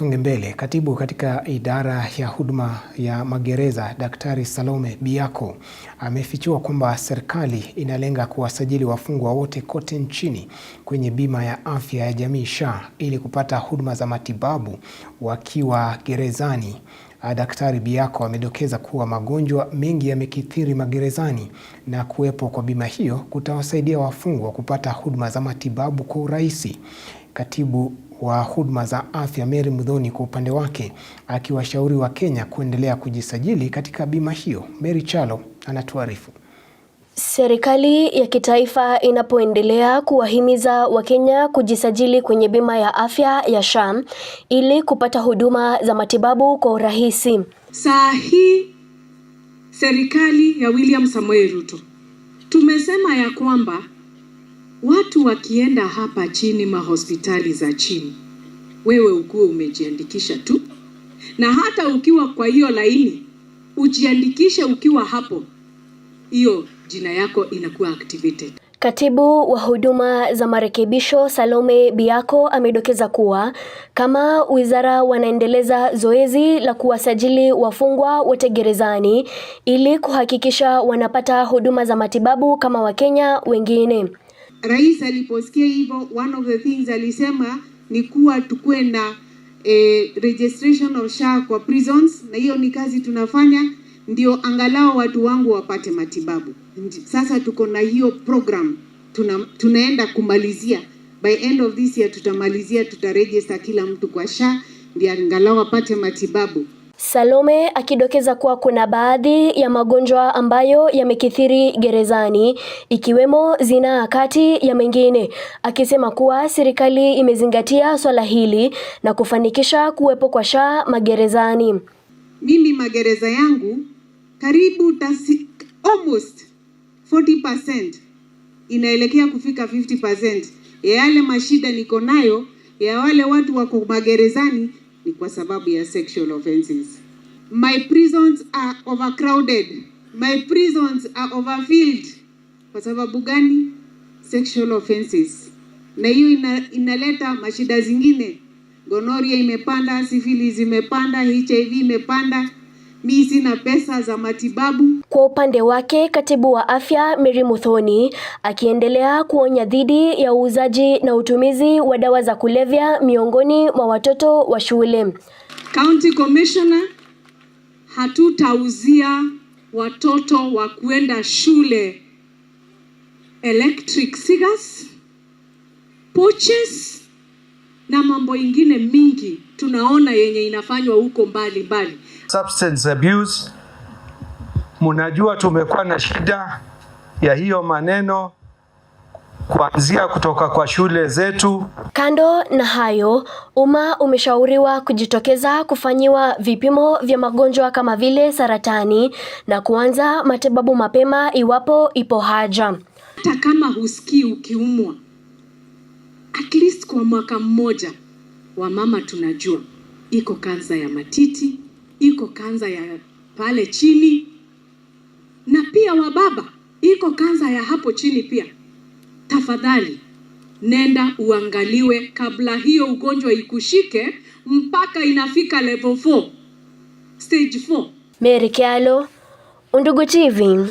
Tusonge mbele. Katibu katika idara ya huduma ya magereza Daktari Salome Biako amefichua kwamba serikali inalenga kuwasajili wafungwa wote kote nchini kwenye bima ya afya ya jamii SHA ili kupata huduma za matibabu wakiwa gerezani. Daktari Biako amedokeza kuwa magonjwa mengi yamekithiri magerezani na kuwepo kwa bima hiyo kutawasaidia wafungwa kupata huduma za matibabu kwa urahisi. Katibu wa huduma za afya Mary Muthoni kwa upande wake akiwashauri Wakenya kuendelea kujisajili katika bima hiyo. Mary Chalo anatuarifu. Serikali ya kitaifa inapoendelea kuwahimiza Wakenya kujisajili kwenye bima ya afya ya SHA ili kupata huduma za matibabu kwa urahisi. Saa hii serikali ya William Samoei Ruto tumesema ya kwamba Watu wakienda hapa chini, mahospitali za chini, wewe ukuwe umejiandikisha tu, na hata ukiwa kwa hiyo laini ujiandikishe ukiwa hapo, hiyo jina yako inakuwa activated. Katibu wa huduma za marekebisho Salome Biako amedokeza kuwa kama wizara wanaendeleza zoezi la kuwasajili wafungwa wote gerezani ili kuhakikisha wanapata huduma za matibabu kama Wakenya wengine rais aliposikia hivyo, one of the things alisema ni kuwa tukuwe na eh, registration of SHA kwa prisons, na hiyo ni kazi tunafanya ndio angalau watu wangu wapate matibabu. Sasa tuko na hiyo program tuna, tunaenda kumalizia by end of this year tutamalizia, tutaregister kila mtu kwa SHA ndio angalau apate matibabu. Salome akidokeza kuwa kuna baadhi ya magonjwa ambayo yamekithiri gerezani ikiwemo zinaa kati ya mengine, akisema kuwa serikali imezingatia swala hili na kufanikisha kuwepo kwa SHA magerezani. Mimi magereza yangu karibu tasi, almost 40% inaelekea kufika 50% ya yale mashida niko nayo ya wale watu wako magerezani ni kwa sababu ya sexual offenses. My prisons are overcrowded. My prisons are overfilled. Kwa sababu gani? Sexual offenses. Na hiyo ina, inaleta mashida zingine. Gonoria imepanda, syphilis imepanda, HIV imepanda. Mi sina pesa za matibabu. Kwa upande wake, katibu wa afya Mary Muthoni akiendelea kuonya dhidi ya uuzaji na utumizi wa dawa za kulevya miongoni mwa watoto wa shule. County Commissioner hatutauzia watoto wa kuenda shule electric cigars, poches na mambo ingine mingi tunaona yenye inafanywa huko mbali mbali. Substance abuse, munajua tumekuwa na shida ya hiyo maneno kuanzia kutoka kwa shule zetu. Kando na hayo, umma umeshauriwa kujitokeza kufanyiwa vipimo vya magonjwa kama vile saratani na kuanza matibabu mapema iwapo ipo haja. Hata kama husikii ukiumwa, at least kwa mwaka mmoja, wa mama tunajua iko kansa ya matiti, iko kansa ya pale chini, na pia wababa iko kansa ya hapo chini pia tafadhali nenda uangaliwe kabla hiyo ugonjwa ikushike mpaka inafika level 4 stage 4. Mary Kyalo, Undugu TV.